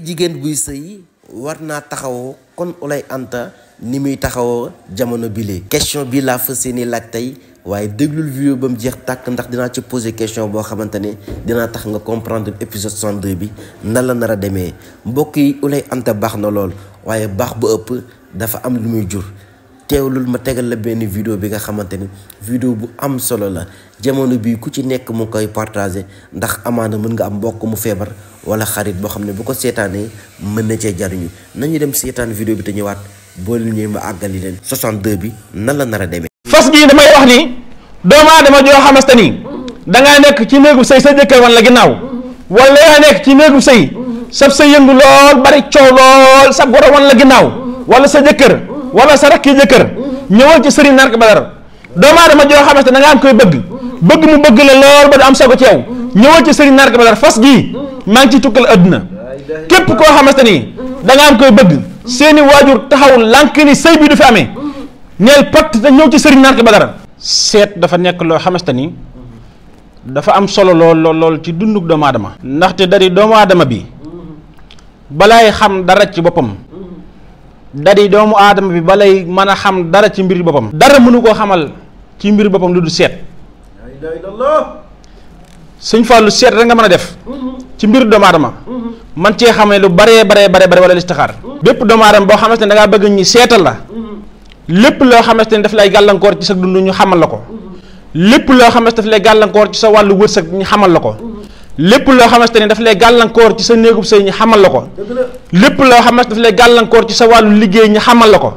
que jigéen buy sëy war naa taxawoo kon Ouleye Anta ni muy taxawoo jamono bile. question bi laa fas yéene laaj tey waaye déglul vidéo ba mu jeex tàkk ndax dinaa ci poser question boo xamante ne dinaa tax nga comprendre épisode 62 bi nan la nar a demee mbokk yi Ouleye Anta baax na lool waaye baax bu ëpp dafa am lu muy jur. teewlul ma tegal la benn video bi nga xamante ni vidéo bu am solo la jamono bii ku ci nekk mu koy partagé ndax amaana mën nga am mbokk mu feebar wala xarit boo xam ne bu ko seetaanee mën na cee jariñu nañu dem seetaan vidéo bi te ñëwaat boo leen ñëwee ma àggali leen 62 bi nan la nar a demee. fas gii damay wax ni doomu aadama joo xamante ni dangaa nekk ci néegu sëy sa jëkkër wan la ginnaaw wala yaa nekk ci néegu sëy sab sa yëngu sa goro wan la ginnaaw wala sa jëkkër wala sa rakki jëkkër ñëwal ci sëriñ nark badar doomu aadama joo xamante da nga am koy bëgg bëgg mu bëgg la lool ba du am sago ci yow ñëwal ci sëriñ nark badar fas gi maa ngi ci tukkal adduna képp koo xamante ni da am koy bëgg seeni waajur taxaw lànk ni sëy bi du fi amee neel patt te ñëw ci sëriñ naan ko ba dara seet dafa nekk loo xamante ni dafa am solo lool lool ci dundug doomu aadama ndaxte dari doomu aadama bi balay xam dara ci boppam dari doomu aadama bi balay mën a xam dara ci mbir boppam dara mënu koo xamal ci mbir boppam lu du seet sëñ Fallou seet rek nga mën a def mm-hmm. ci mbiru doomu aadama mm-hmm. man cee xamee lu baree baree bare bare wala listixaar mm-hmm. bépp doomu aadama boo xamante ne da ngaa bëgg seetal la mm-hmm. lépp loo xamante ne daf lay gàllankoor ci sa dund ñu xamal ko lépp loo xamante ne daf lay gàllankoor ci sa wàllu wërsëg ñu xamal la ko lépp loo xamante ne daf lay gàllankoor ci sa néegub sëy ñu xamal ko lépp loo xamante ne daf gàllankoor ci sa wàllu liggéey ñu xamal la ko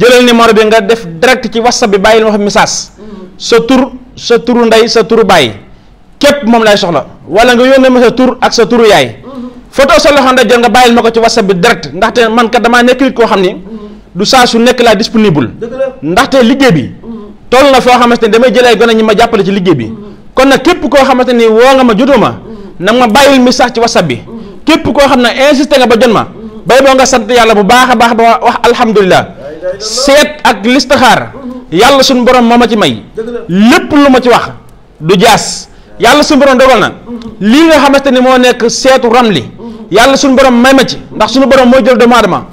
jëlal numéro bi nga def direct ci whatsapp bi bàyyil ma fa message sa tur sa turu ndey sa turu bàyyi képp moom lay soxla wala nga yónnee ma sa tur ak sa turu yaay mm-hmm. photo sa loxo ndeyjoor nga bàyyil ma ko ci whatsapp bi direct ndaxte man kat damaa nekk nit koo xam ni mm-hmm. du su nekk laa disponible ndaxte liggéey bi mm-hmm. toll na foo xamante ni damay jële jëlee gone ñi ma jàppale ci liggéey bi kon na képp koo xamante ni woo nga ma jotoo ma na ma bàyyil message ci whatsapp bi képp koo xam ne insisté nga ba jot ma bay boo nga sant yàlla bu baax a baax ba wax alhamdulilah seet ak listixaar yàlla suñu borom moom ma ci may lépp lu ma ci wax du jaas yàlla suñu borom dogal na lii nga xamante ni moo nekk seetu li yàlla suñu borom may ma ci ndax suñu borom mooy jël doomu aadama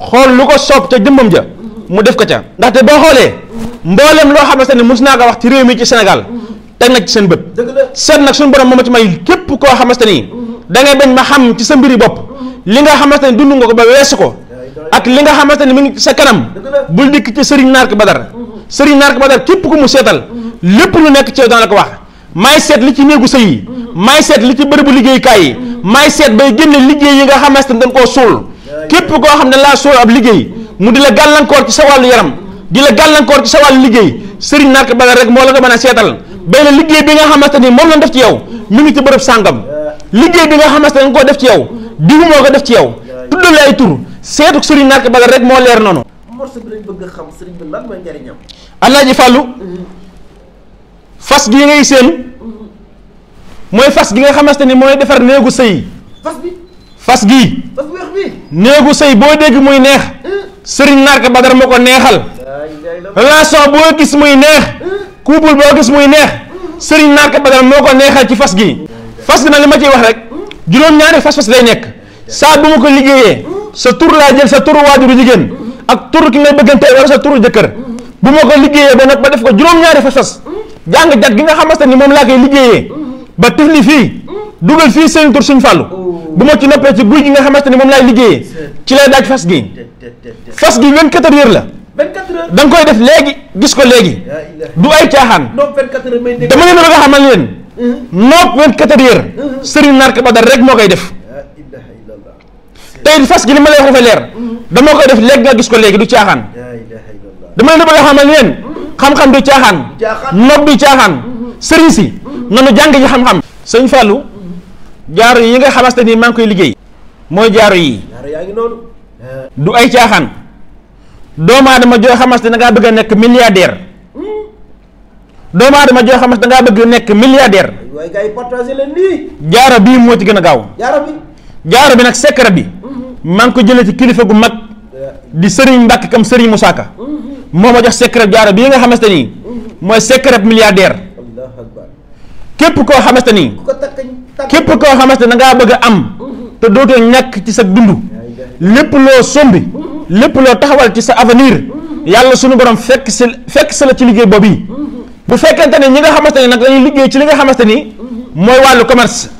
xool lu ko soob ca jëmmam ja mu def ko ca ndaxte boo xoolee mbooleem loo xamante ni mos naa ko wax ci réew mi ci Sénégal teg na ci seen bët seet nag suñu borom moom ma ci may képp koo xamante ni da ngay bañ ma xam ci sa mbiri bopp li nga xamante ni dund nga ko ba weesu ko ak li nga xamante ni mu ngi sa kanam bul dikk ci sëriñ Nark Badar sëriñ Nark Badar képp ku mu seetal lépp lu nekk ci yow dana maay seet li ci néegu sëy yi maay seet li ci bërëbu liggéeykaay yi maay seet bay génne liggéey yi nga xamante ni dañ koo suul képp koo xam ne laa suul ab liggéey mu di la gàllankoor ci sa wàllu yaram di la gàllankoor ci sa wàllu liggéey sëriñ nark bala rek moo la ko mën a seetal benn liggéey bi nga xamante ni moom lañ def ci yow mu ngi ci bërëb sàngam liggéey bi nga xamante ne nga ko def ci yow diwu moo ko def ci yow tuddal ay tur seetu sëriñ nark rek moo leer noonu morceau bi bëgg a xam sëriñ bi lan mooy fas gi ngay seen mooy fas gi nga xamante ni mooy defar néegu sëy fas gi néegu sëy boo dégg muy neex sëriñ Narka Badara moo ko neexal relation boo gis muy neex couple boo gis muy neex sëriñ Narka Badara moo ko neexal ci fas gi fas gi na li ma ciy wax rek juróom-ñaari fas fas day nekk saa bu ma ko liggéeyee sa tur laa jël sa turu waajuru jigéen ak tur ki nga bëggante wala sa turu jëkkër bu ma ko liggéeyee ba nag ba def ko juróom-ñaari fas fas jàng jat gi nga xamante ni moom laa koy liggéeyee mm-hmm. ba tifli fii mm-hmm. dugal fii seen tur suñ fàllu oh. bu ma ci noppee ci guy gi nga xamante ni moom laay liggéeyee ci lay daaj fas gi fas gi 24 heures la da nga koy def léegi gis ko léegi du ay caaxaan dama leen a xamal leen mm-hmm. noog 24 heures sëriñ nark ba dal rek moo koy def tey fas gi li ma lay wax fa leer dama koy def léegi nga gis ko léegi du caaxaan dama leen a bëgg a xamal leen xam-xam du caaxaan nopp du caaxaan mm-hmm. sëriñ si mm-hmm. nanu jàng ji xam-xam sëñ Fallou mm-hmm. jaaro yi nga xamante ni maa ngi koy liggéey mooy jaaro yi eh. du ay caaxaan doomu aadama joo xamante dangaa bëgg a nekk milliardaire doomu aadama joo xamante dangaa bëgg nekk milliardaire jaaro bii moo ci gën a gaaw jaaro bi nag secret bi maa ngi ko jële ci kilifa gu mag eh. di sëriñ Mbàkke kam sëriñ Musaa Ka moo ma jox secret jaaro bii nga xamante ni mooy secret milliardaire képp koo xamante ni képp koo xamante ni da ngaa bëgg am te dootoo ñàkk ci sa dund lépp loo sombi lépp loo taxawal ci sa avenir yàlla sunu borom fekk si fekk si la ci liggéey bopp yi bu fekkente ne ñi nga xamante ni nag dañuy liggéey ci li nga xamante ni mooy wàllu commerce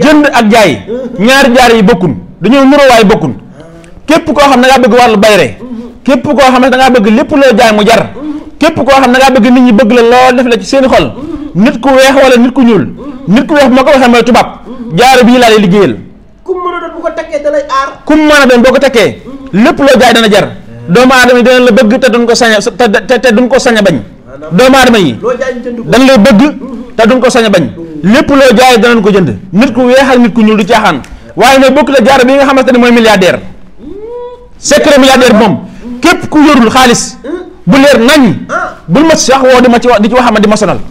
jënd ak jaay ñaari jaar yi bokkun dañoo nuroo waaye bokkun képp koo xam ne da ngaa bëgg wàllu bayre képp koo xam ne da ngaa bëgg lépp loo jaay mu jar képp koo xam ne da ngaa bëgg nit ñi bëgg la lool def la ci seeni xol nit ku weex wala nit ku ñuul nit ku weex bu ma ko waxee mooy tubaab jaaro bii laa lay liggéeyal kum mën a ko takkee da lay aar kum mën a doon boo ko takkee lépp loo jaay dana jar doomu aadama yi dana la bëgg te duñ ko sañ a te te a bañ doomu aadama yi dañ lay bëgg ko sañ a bañ lépp loo jaay danañ ko jënd nit ku weex ak nit ku ñuul du caaxaan waaye nag bokk la bi nga xamante ne mooy milliardaire secret milliardaire moom képp ku yorul xaalis hmm? bu leer nañ ah. bul ma sax woo di ma ci wax di ci wax ma di ma sonal